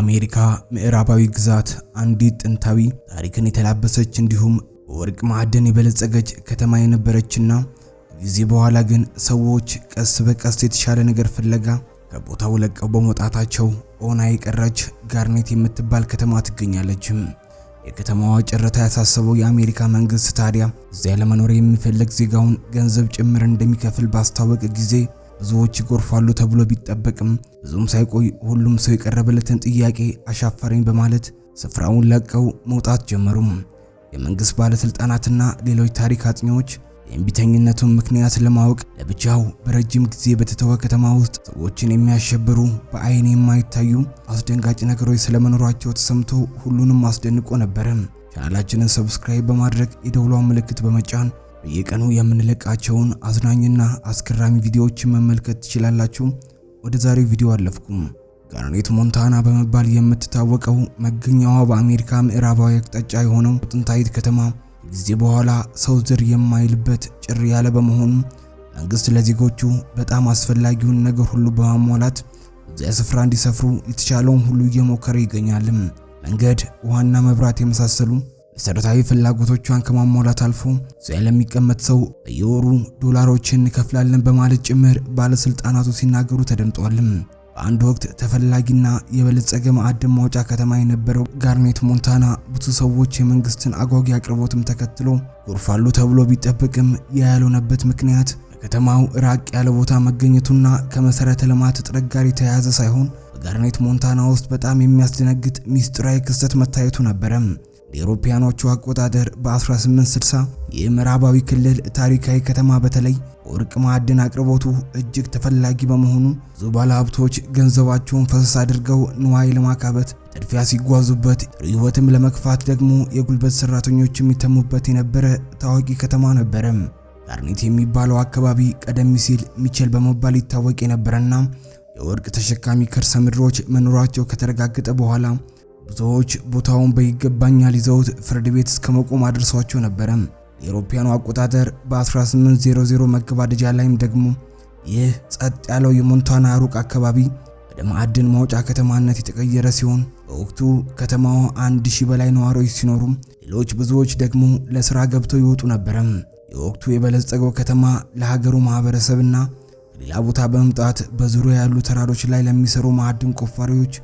አሜሪካ ምዕራባዊ ግዛት አንዲት ጥንታዊ ታሪክን የተላበሰች እንዲሁም በወርቅ ማዕድን የበለጸገች ከተማ የነበረችና ጊዜ በኋላ ግን ሰዎች ቀስ በቀስ የተሻለ ነገር ፍለጋ ከቦታው ለቀው በመውጣታቸው ኦና የቀረች ጋርኔት የምትባል ከተማ ትገኛለችም። የከተማዋ ጨረታ ያሳሰበው የአሜሪካ መንግስት ታዲያ እዚያ ለመኖር የሚፈልግ ዜጋውን ገንዘብ ጭምር እንደሚከፍል ባስታወቀ ጊዜ ብዙዎች ይጎርፋሉ ተብሎ ቢጠበቅም ብዙም ሳይቆይ ሁሉም ሰው የቀረበለትን ጥያቄ አሻፈረኝ በማለት ስፍራውን ለቀው መውጣት ጀመሩም። የመንግስት ባለስልጣናትና ሌሎች ታሪክ አጥኚዎች የእምቢተኝነቱን ምክንያት ለማወቅ ለብቻው በረጅም ጊዜ በተተወ ከተማ ውስጥ ሰዎችን የሚያሸብሩ በአይን የማይታዩ አስደንጋጭ ነገሮች ስለመኖሯቸው ተሰምቶ ሁሉንም አስደንቆ ነበረ። ቻናላችንን ሰብስክራይብ በማድረግ የደውሏን ምልክት በመጫን በየቀኑ የምንለቃቸውን አዝናኝና አስገራሚ ቪዲዮዎችን መመልከት ትችላላችሁ። ወደ ዛሬው ቪዲዮ አለፍኩም። ጋርኔት ሞንታና በመባል የምትታወቀው መገኛዋ በአሜሪካ ምዕራባዊ አቅጣጫ የሆነው ጥንታዊት ከተማ ጊዜ በኋላ ሰው ዝር የማይልበት ጭር ያለ በመሆኑ መንግስት ለዜጎቹ በጣም አስፈላጊውን ነገር ሁሉ በማሟላት እዚያ ስፍራ እንዲሰፍሩ የተቻለውን ሁሉ እየሞከረ ይገኛልም። መንገድ፣ ውሃና መብራት የመሳሰሉ መሰረታዊ ፍላጎቶቿን ከማሟላት አልፎ እዚያ ለሚቀመጥ ሰው በየወሩ ዶላሮችን እንከፍላለን በማለት ጭምር ባለስልጣናቱ ሲናገሩ ተደምጧልም። በአንድ ወቅት ተፈላጊና የበለጸገ ማዕድን ማውጫ ከተማ የነበረው ጋርኔት ሞንታና ብዙ ሰዎች የመንግስትን አጓጊ አቅርቦትም ተከትሎ ጎርፋሉ ተብሎ ቢጠበቅም ያልሆነበት ምክንያት ከተማው ራቅ ያለ ቦታ መገኘቱና ከመሰረተ ልማት እጥረት ጋር የተያያዘ ሳይሆን በጋርኔት ሞንታና ውስጥ በጣም የሚያስደነግጥ ሚስጥራዊ ክስተት መታየቱ ነበረ። ለአውሮፓውያኖቹ አቆጣጠር በ1860 የምዕራባዊ ክልል ታሪካዊ ከተማ በተለይ ወርቅ ማዕድን አቅርቦቱ እጅግ ተፈላጊ በመሆኑ ብዙ ባለሀብቶች ገንዘባቸውን ፈሰስ አድርገው ንዋይ ለማካበት ጥድፊያ ሲጓዙበት፣ ሕይወትም ለመግፋት ደግሞ የጉልበት ሰራተኞች የሚተሙበት የነበረ ታዋቂ ከተማ ነበረም። ጋርኔት የሚባለው አካባቢ ቀደም ሲል ሚቼል በመባል ይታወቅ የነበረና የወርቅ ተሸካሚ ከርሰ ምድሮች መኖራቸው ከተረጋገጠ በኋላ ብዙዎች ቦታውን በይገባኛል ይዘውት ፍርድ ቤት እስከ መቆም አድርሷቸው ነበረ። የአውሮፓውያኑ አቆጣጠር በ1800 መገባደጃ ላይም ደግሞ ይህ ጸጥ ያለው የሞንታና ሩቅ አካባቢ ወደ ማዕድን ማውጫ ከተማነት የተቀየረ ሲሆን በወቅቱ ከተማዋ አንድ ሺህ በላይ ነዋሪዎች ሲኖሩ፣ ሌሎች ብዙዎች ደግሞ ለስራ ገብተው ይወጡ ነበረ። የወቅቱ የበለጸገው ከተማ ለሀገሩ ማህበረሰብና ከሌላ ቦታ በመምጣት በዙሪያ ያሉ ተራሮች ላይ ለሚሰሩ ማዕድን ቆፋሪዎች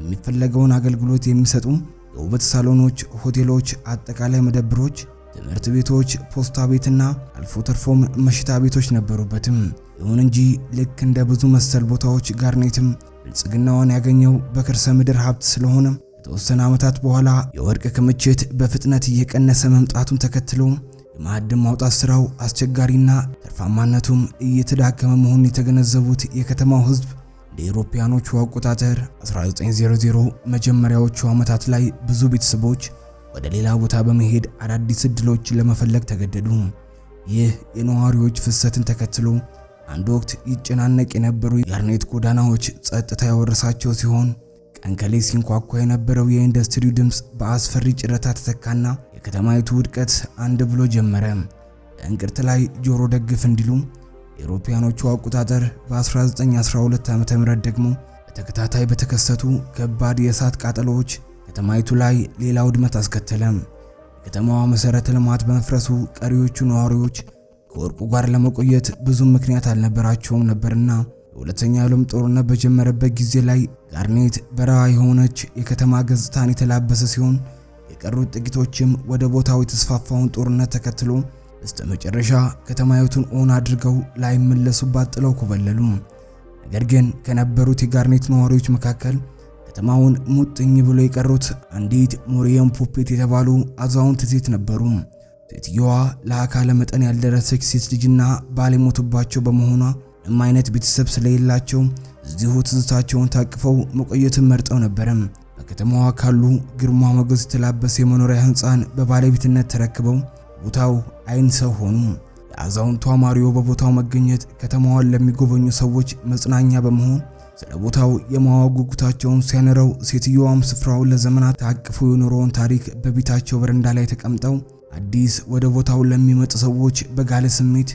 የሚፈለገውን አገልግሎት የሚሰጡ የውበት ሳሎኖች፣ ሆቴሎች፣ አጠቃላይ መደብሮች፣ ትምህርት ቤቶች፣ ፖስታ ቤትና አልፎ ተርፎም መሽታ ቤቶች ነበሩበትም። ይሁን እንጂ ልክ እንደ ብዙ መሰል ቦታዎች ጋርኔትም ብልጽግናዋን ያገኘው በከርሰ ምድር ሀብት ስለሆነ ከተወሰነ ዓመታት በኋላ የወርቅ ክምችት በፍጥነት እየቀነሰ መምጣቱን ተከትሎ የማዕድን ማውጣት ስራው አስቸጋሪና ትርፋማነቱም እየተዳከመ መሆኑን የተገነዘቡት የከተማው ህዝብ። የአውሮፓውያኖቹ አቆጣጠር 1900 መጀመሪያዎቹ ዓመታት ላይ ብዙ ቤተሰቦች ወደ ሌላ ቦታ በመሄድ አዳዲስ እድሎች ለመፈለግ ተገደዱ። ይህ የነዋሪዎች ፍሰትን ተከትሎ አንድ ወቅት ይጨናነቅ የነበሩ የአርኔት ጎዳናዎች ጸጥታ ያወረሳቸው ሲሆን ቀን ሲንኳኳ የነበረው የኢንዱስትሪው ድምፅ በአስፈሪ ጭረታ ተተካና የከተማይቱ ውድቀት አንድ ብሎ ጀመረ። በእንቅርት ላይ ጆሮ ደግፍ እንዲሉ የአውሮፓውያኖቹ አቆጣጠር በ1912 ዓ ም ደግሞ በተከታታይ በተከሰቱ ከባድ የእሳት ቃጠሎዎች ከተማይቱ ላይ ሌላ ውድመት አስከተለም። የከተማዋ መሠረተ ልማት በመፍረሱ ቀሪዎቹ ነዋሪዎች ከወርቁ ጋር ለመቆየት ብዙም ምክንያት አልነበራቸውም ነበርና የሁለተኛ ዓለም ጦርነት በጀመረበት ጊዜ ላይ ጋርኔት በረሃ የሆነች የከተማ ገጽታን የተላበሰ ሲሆን የቀሩት ጥቂቶችም ወደ ቦታው የተስፋፋውን ጦርነት ተከትሎ በስተ መጨረሻ ከተማይቱን ኦን አድርገው ላይመለሱባት ጥለው ኮበለሉ። ነገር ግን ከነበሩት የጋርኔት ነዋሪዎች መካከል ከተማውን ሙጥኝ ብሎ የቀሩት አንዲት ሞሪየም ፖፔት የተባሉ አዛውንት ሴት ነበሩ። ሴትየዋ ለአካለ መጠን ያልደረሰች ሴት ልጅና ባል የሞቱባቸው በመሆኗ ምንም አይነት ቤተሰብ ስለሌላቸው እዚሁ ትዝታቸውን ታቅፈው መቆየትን መርጠው ነበር። በከተማዋ ካሉ ግርማ ሞገስ የተላበሰ የመኖሪያ ህንፃን በባለቤትነት ተረክበው ቦታው አይን ሰው ሆኑ። የአዛውንቷ ማሪዮ በቦታው መገኘት ከተማዋን ለሚጎበኙ ሰዎች መጽናኛ በመሆን ስለ ቦታው የማወቅ ጉጉታቸውን ሲያንረው፣ ሴትዮዋም ስፍራውን ለዘመናት ታቅፎ የኖረውን ታሪክ በቤታቸው በረንዳ ላይ ተቀምጠው አዲስ ወደ ቦታው ለሚመጡ ሰዎች በጋለ ስሜት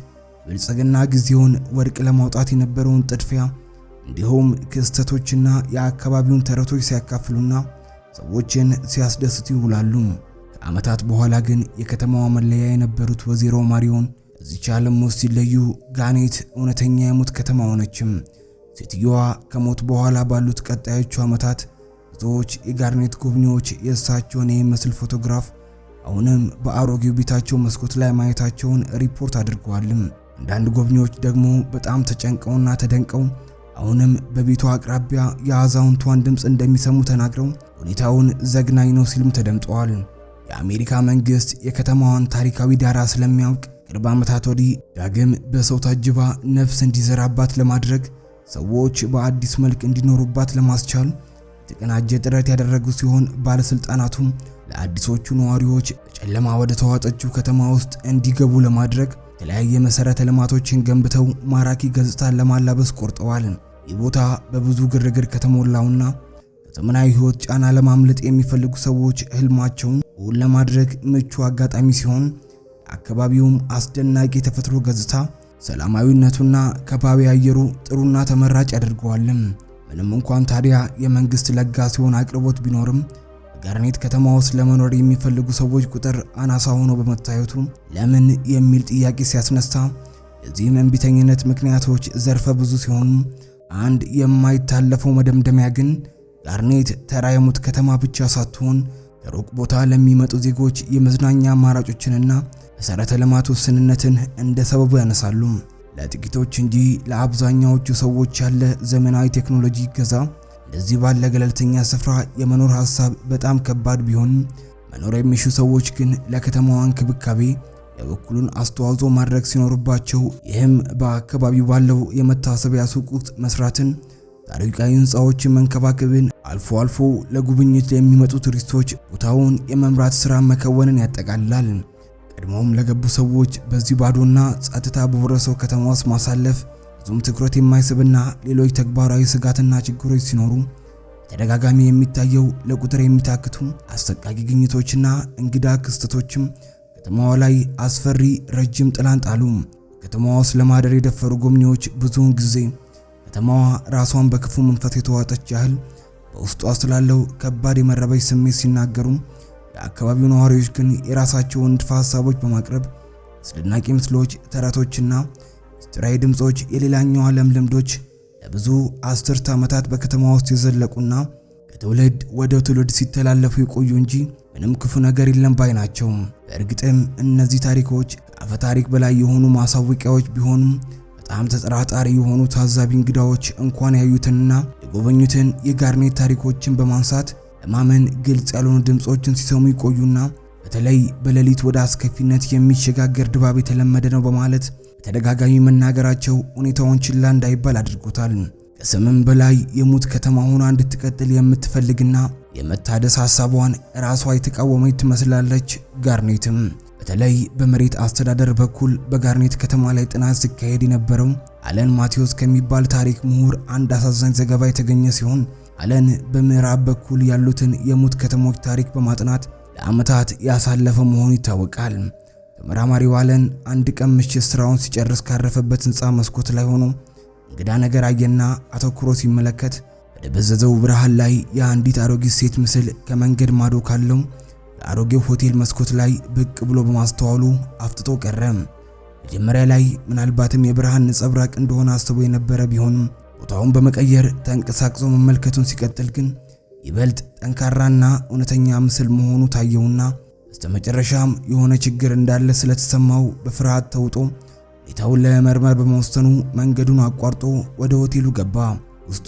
ብልጽግና ጊዜውን ወርቅ ለማውጣት የነበረውን ጥድፊያ እንዲሁም ክስተቶችና የአካባቢውን ተረቶች ሲያካፍሉና ሰዎችን ሲያስደስቱ ይውላሉ። ከዓመታት በኋላ ግን የከተማዋ መለያ የነበሩት ወይዘሮ ማሪዮን እዚች ዓለም ውስጥ ሲለዩ ጋኔት እውነተኛ የሞት ከተማ ሆነችም። ሴትየዋ ከሞት በኋላ ባሉት ቀጣዮቹ ዓመታት ብዙዎች የጋርኔት ጎብኚዎች የእሳቸውን የሚመስል ፎቶግራፍ አሁንም በአሮጌው ቤታቸው መስኮት ላይ ማየታቸውን ሪፖርት አድርገዋልም። አንዳንድ ጎብኚዎች ደግሞ በጣም ተጨንቀውና ተደንቀው አሁንም በቤቷ አቅራቢያ የአዛውንቷን ድምፅ እንደሚሰሙ ተናግረው ሁኔታውን ዘግናኝ ነው ሲልም ተደምጠዋል። የአሜሪካ መንግስት የከተማዋን ታሪካዊ ዳራ ስለሚያውቅ ቅርብ ዓመታት ወዲህ ዳግም በሰው ታጅባ ነፍስ እንዲዘራባት ለማድረግ ሰዎች በአዲስ መልክ እንዲኖሩባት ለማስቻል የተቀናጀ ጥረት ያደረጉ ሲሆን ባለስልጣናቱም ለአዲሶቹ ነዋሪዎች በጨለማ ወደ ተዋጠችው ከተማ ውስጥ እንዲገቡ ለማድረግ የተለያየ መሰረተ ልማቶችን ገንብተው ማራኪ ገጽታን ለማላበስ ቆርጠዋል። ይህ ቦታ በብዙ ግርግር ከተሞላውና ከዘመናዊ ህይወት ጫና ለማምለጥ የሚፈልጉ ሰዎች ህልማቸውን እውን ለማድረግ ምቹ አጋጣሚ ሲሆን አካባቢውም አስደናቂ የተፈጥሮ ገጽታ ሰላማዊነቱና ከባቢ አየሩ ጥሩና ተመራጭ ያደርገዋልም። ምንም እንኳን ታዲያ የመንግስት ለጋ ሲሆን አቅርቦት ቢኖርም ጋርኔት ከተማ ውስጥ ለመኖር የሚፈልጉ ሰዎች ቁጥር አናሳ ሆኖ በመታየቱ ለምን የሚል ጥያቄ ሲያስነሳ የዚህም እምቢተኝነት ምክንያቶች ዘርፈ ብዙ ሲሆኑ አንድ የማይታለፈው መደምደሚያ ግን ላርኔት ተራ የሙት ከተማ ብቻ ሳትሆን ከሩቅ ቦታ ለሚመጡ ዜጎች የመዝናኛ አማራጮችንና መሰረተ ልማት ውስንነትን እንደ ሰበቡ ያነሳሉ። ለጥቂቶች እንጂ ለአብዛኛዎቹ ሰዎች ያለ ዘመናዊ ቴክኖሎጂ ይገዛ እንደዚህ ባለ ገለልተኛ ስፍራ የመኖር ሀሳብ በጣም ከባድ ቢሆንም መኖር የሚሹ ሰዎች ግን ለከተማዋ እንክብካቤ የበኩሉን አስተዋጽኦ ማድረግ ሲኖርባቸው፣ ይህም በአካባቢው ባለው የመታሰቢያ ሱቅ ውስጥ መስራትን ታሪካዊ ህንፃዎችን መንከባከብን አልፎ አልፎ ለጉብኝት ለሚመጡ ቱሪስቶች ቦታውን የመምራት ስራ መከወንን ያጠቃልላል። ቀድሞም ለገቡ ሰዎች በዚህ ባዶና ጸጥታ በወረሰው ከተማ ውስጥ ማሳለፍ ብዙም ትኩረት የማይስብና ሌሎች ተግባራዊ ስጋትና ችግሮች ሲኖሩ ተደጋጋሚ የሚታየው ለቁጥር የሚታክቱ አሰቃቂ ግኝቶችና እንግዳ ክስተቶችም ከተማዋ ላይ አስፈሪ ረጅም ጥላን ጣሉ። ከተማዋ ውስጥ ለማደር የደፈሩ ጎብኚዎች ብዙውን ጊዜ ከተማዋ ራሷን በክፉ መንፈስ የተዋጠች ያህል በውስጧ ስላለው ከባድ የመረበሽ ስሜት ሲናገሩም፣ የአካባቢው ነዋሪዎች ግን የራሳቸውን ንድፈ ሀሳቦች በማቅረብ አስደናቂ ምስሎች፣ ተረቶችና ምስጢራዊ ድምፆች የሌላኛው ዓለም ልምዶች ለብዙ አስርት ዓመታት በከተማ ውስጥ የዘለቁና ከትውልድ ወደ ትውልድ ሲተላለፉ የቆዩ እንጂ ምንም ክፉ ነገር የለም ባይ ናቸው። በእርግጥም እነዚህ ታሪኮች ከአፈ ታሪክ በላይ የሆኑ ማሳወቂያዎች ቢሆኑም በጣም ተጠራጣሪ የሆኑ ታዛቢ እንግዳዎች እንኳን ያዩትንና የጎበኙትን የጋርኔት ታሪኮችን በማንሳት ለማመን ግልጽ ያልሆኑ ድምፆችን ሲሰሙ ይቆዩና በተለይ በሌሊት ወደ አስከፊነት የሚሸጋገር ድባብ የተለመደ ነው በማለት በተደጋጋሚ መናገራቸው ሁኔታውን ችላ እንዳይባል አድርጎታል። ከስምም በላይ የሙት ከተማ ሆና እንድትቀጥል የምትፈልግና የመታደስ ሀሳቧን ራሷ የተቃወመች ትመስላለች። ጋርኔትም በተለይ በመሬት አስተዳደር በኩል በጋርኔት ከተማ ላይ ጥናት ሲካሄድ የነበረው አለን ማቴዎስ ከሚባል ታሪክ ምሁር አንድ አሳዛኝ ዘገባ የተገኘ ሲሆን አለን በምዕራብ በኩል ያሉትን የሙት ከተሞች ታሪክ በማጥናት ለዓመታት ያሳለፈ መሆኑ ይታወቃል። ተመራማሪው አለን አንድ ቀን ምሽት ስራውን ሲጨርስ ካረፈበት ህንፃ መስኮት ላይ ሆኖ እንግዳ ነገር አየና አተኩሮ ሲመለከት በደበዘዘው ብርሃን ላይ የአንዲት አሮጊት ሴት ምስል ከመንገድ ማዶ ካለው አሮጌው ሆቴል መስኮት ላይ ብቅ ብሎ በማስተዋሉ አፍጥጦ ቀረ። መጀመሪያ ላይ ምናልባትም የብርሃን ነጸብራቅ እንደሆነ አስቦ የነበረ ቢሆንም ቦታውን በመቀየር ተንቀሳቅሶ መመልከቱን ሲቀጥል ግን ይበልጥ ጠንካራና እውነተኛ ምስል መሆኑ ታየውና በስተመጨረሻም የሆነ ችግር እንዳለ ስለተሰማው በፍርሃት ተውጦ ሁኔታውን ለመመርመር በመወሰኑ መንገዱን አቋርጦ ወደ ሆቴሉ ገባ። ውስጡ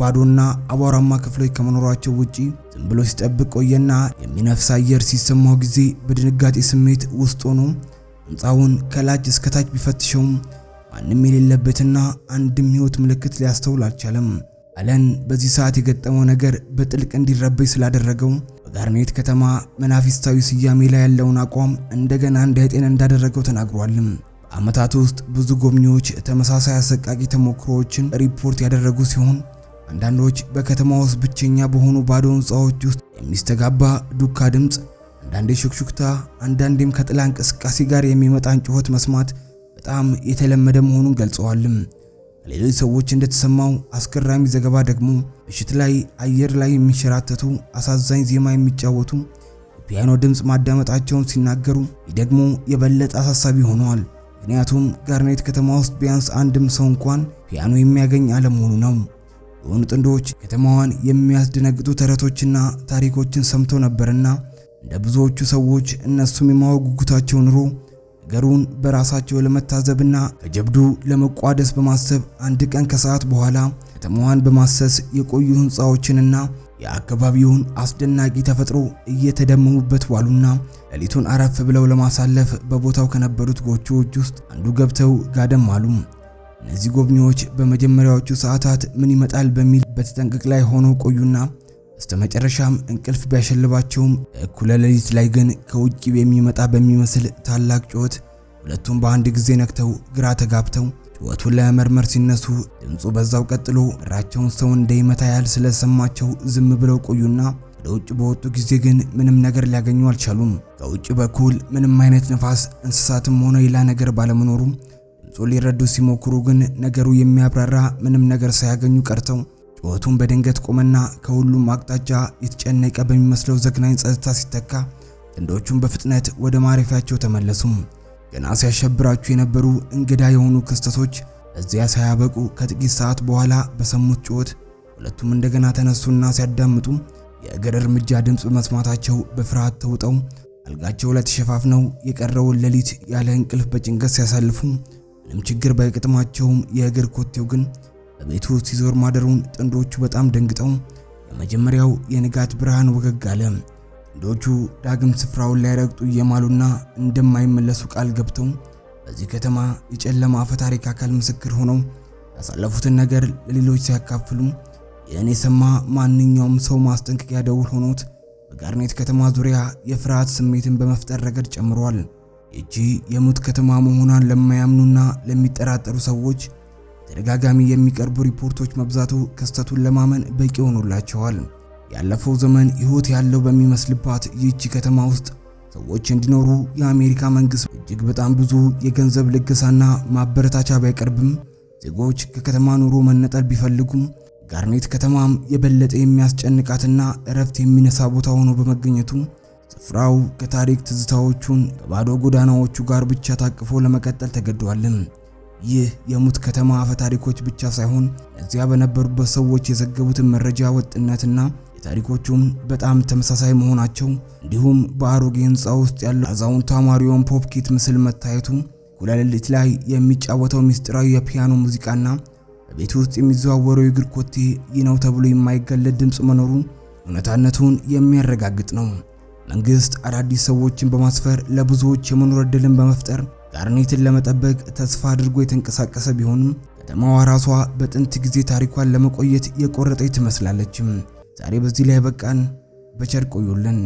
ባዶና አቧራማ ክፍሎች ከመኖራቸው ውጪ ዝም ብሎ ሲጠብቅ ቆየና የሚነፍስ አየር ሲሰማው ጊዜ በድንጋጤ ስሜት ውስጥ ሆኖ ህንፃውን ከላጅ እስከ ታች ቢፈትሸውም ማንም የሌለበትና አንድም ህይወት ምልክት ሊያስተውል አልቻለም። አለን በዚህ ሰዓት የገጠመው ነገር በጥልቅ እንዲረበኝ ስላደረገው በጋርኔት ከተማ መናፊስታዊ ስያሜ ላይ ያለውን አቋም እንደገና እንዳይጤን እንዳደረገው ተናግሯልም። በዓመታት ውስጥ ብዙ ጎብኚዎች ተመሳሳይ አሰቃቂ ተሞክሮዎችን ሪፖርት ያደረጉ ሲሆን አንዳንዶች በከተማ ውስጥ ብቸኛ በሆኑ ባዶ ሕንፃዎች ውስጥ የሚስተጋባ ዱካ ድምፅ፣ አንዳንዴ ሹክሹክታ፣ አንዳንዴም ከጥላ እንቅስቃሴ ጋር የሚመጣን ጩኸት መስማት በጣም የተለመደ መሆኑን ገልጸዋልም። ከሌሎች ሰዎች እንደተሰማው አስገራሚ ዘገባ ደግሞ ምሽት ላይ አየር ላይ የሚንሸራተቱ አሳዛኝ ዜማ የሚጫወቱ የፒያኖ ድምፅ ማዳመጣቸውን ሲናገሩ ይህ ደግሞ የበለጠ አሳሳቢ ሆነዋል። ምክንያቱም ጋርኔት ከተማ ውስጥ ቢያንስ አንድም ሰው እንኳን ፒያኖ የሚያገኝ አለመሆኑ ነው። የሆኑ ጥንዶች ከተማዋን የሚያስደነግጡ ተረቶችና ታሪኮችን ሰምተው ነበርና እንደ ብዙዎቹ ሰዎች እነሱም የማወቅ ጉጉታቸው ኑሮ ነገሩን በራሳቸው ለመታዘብና ከጀብዱ ለመቋደስ በማሰብ አንድ ቀን ከሰዓት በኋላ ከተማዋን በማሰስ የቆዩ ህንፃዎችንና የአካባቢውን አስደናቂ ተፈጥሮ እየተደመሙበት ዋሉና ሌሊቱን አረፍ ብለው ለማሳለፍ በቦታው ከነበሩት ጎጆዎች ውስጥ አንዱ ገብተው ጋደም አሉ። እነዚህ ጎብኚዎች በመጀመሪያዎቹ ሰዓታት ምን ይመጣል በሚል በተጠንቀቅ ላይ ሆነው ቆዩና በስተመጨረሻም እንቅልፍ ቢያሸልባቸውም እኩለ ሌሊት ላይ ግን ከውጭ የሚመጣ በሚመስል ታላቅ ጩኸት ሁለቱም በአንድ ጊዜ ነክተው ግራ ተጋብተው ጩኸቱን ለመመርመር ሲነሱ ድምፁ በዛው ቀጥሎ ራቸውን ሰው እንደይመታ ያህል ስለሰማቸው ዝም ብለው ቆዩና ወደ ውጭ በወጡ ጊዜ ግን ምንም ነገር ሊያገኙ አልቻሉም። ከውጭ በኩል ምንም አይነት ንፋስ እንስሳትም ሆነ ሌላ ነገር ባለመኖሩ ድምፁ ሊረዱ ሲሞክሩ ግን ነገሩ የሚያብራራ ምንም ነገር ሳያገኙ ቀርተው ጩኸቱን በድንገት ቆመና ከሁሉም አቅጣጫ የተጨነቀ በሚመስለው ዘግናኝ ጸጥታ ሲተካ ጥንዶቹም በፍጥነት ወደ ማረፊያቸው ተመለሱም። ገና ሲያሸብራችሁ የነበሩ እንግዳ የሆኑ ክስተቶች እዚያ ሳያበቁ ከጥቂት ሰዓት በኋላ በሰሙት ጩኸት ሁለቱም እንደገና ተነሱና ሲያዳምጡ የእግር እርምጃ ድምፅ መስማታቸው በፍርሃት ተውጠው አልጋቸው ላይ ተሸፋፍነው የቀረውን ሌሊት ያለ እንቅልፍ በጭንቀት ሲያሳልፉ ምንም ችግር ባይገጥማቸውም የእግር ኮቴው ግን በቤቱ ሲዞር ማደሩን ጥንዶቹ በጣም ደንግጠው የመጀመሪያው የንጋት ብርሃን ወገግ አለ። ወንዶቹ ዳግም ስፍራውን ላይረግጡ እየማሉና እንደማይመለሱ ቃል ገብተው በዚህ ከተማ የጨለማ አፈ ታሪክ አካል ምስክር ሆነው ያሳለፉትን ነገር ለሌሎች ሲያካፍሉ ይህን የሰማ ማንኛውም ሰው ማስጠንቀቂያ ደውል ሆኖት በጋርኔት ከተማ ዙሪያ የፍርሃት ስሜትን በመፍጠር ረገድ ጨምሯል። ይቺ የሙት ከተማ መሆኗን ለማያምኑና ለሚጠራጠሩ ሰዎች ተደጋጋሚ የሚቀርቡ ሪፖርቶች መብዛቱ ክስተቱን ለማመን በቂ ሆኖላቸዋል። ያለፈው ዘመን ሕይወት ያለው በሚመስልባት ይህች ከተማ ውስጥ ሰዎች እንዲኖሩ የአሜሪካ መንግስት እጅግ በጣም ብዙ የገንዘብ ልገሳና ማበረታቻ ባይቀርብም ዜጎች ከከተማ ኑሮ መነጠል ቢፈልጉም ጋርኔት ከተማም የበለጠ የሚያስጨንቃትና እረፍት የሚነሳ ቦታ ሆኖ በመገኘቱ ስፍራው ከታሪክ ትዝታዎቹን ከባዶ ጎዳናዎቹ ጋር ብቻ ታቅፎ ለመቀጠል ተገዷልም። ይህ የሙት ከተማ አፈታሪኮች ብቻ ሳይሆን እዚያ በነበሩበት ሰዎች የዘገቡትን መረጃ ወጥነትና ታሪኮቹም በጣም ተመሳሳይ መሆናቸው እንዲሁም በአሮጌ ህንፃ ውስጥ ያለው አዛውንቷ ፖፕ ፖፕኪት ምስል መታየቱ ኩላሊት ላይ የሚጫወተው ምስጢራዊ የፒያኖ ሙዚቃና በቤት ውስጥ የሚዘዋወረው የእግር ኮቴ ይህ ነው ተብሎ የማይገለጥ ድምፅ መኖሩ እውነታነቱን የሚያረጋግጥ ነው። መንግስት አዳዲስ ሰዎችን በማስፈር ለብዙዎች የመኖር ዕድልን በመፍጠር ጋርኔትን ለመጠበቅ ተስፋ አድርጎ የተንቀሳቀሰ ቢሆንም ከተማዋ ራሷ በጥንት ጊዜ ታሪኳን ለመቆየት የቆረጠች ትመስላለችም። ዛሬ በዚህ ላይ በቃን። በቸር ቆዩልን።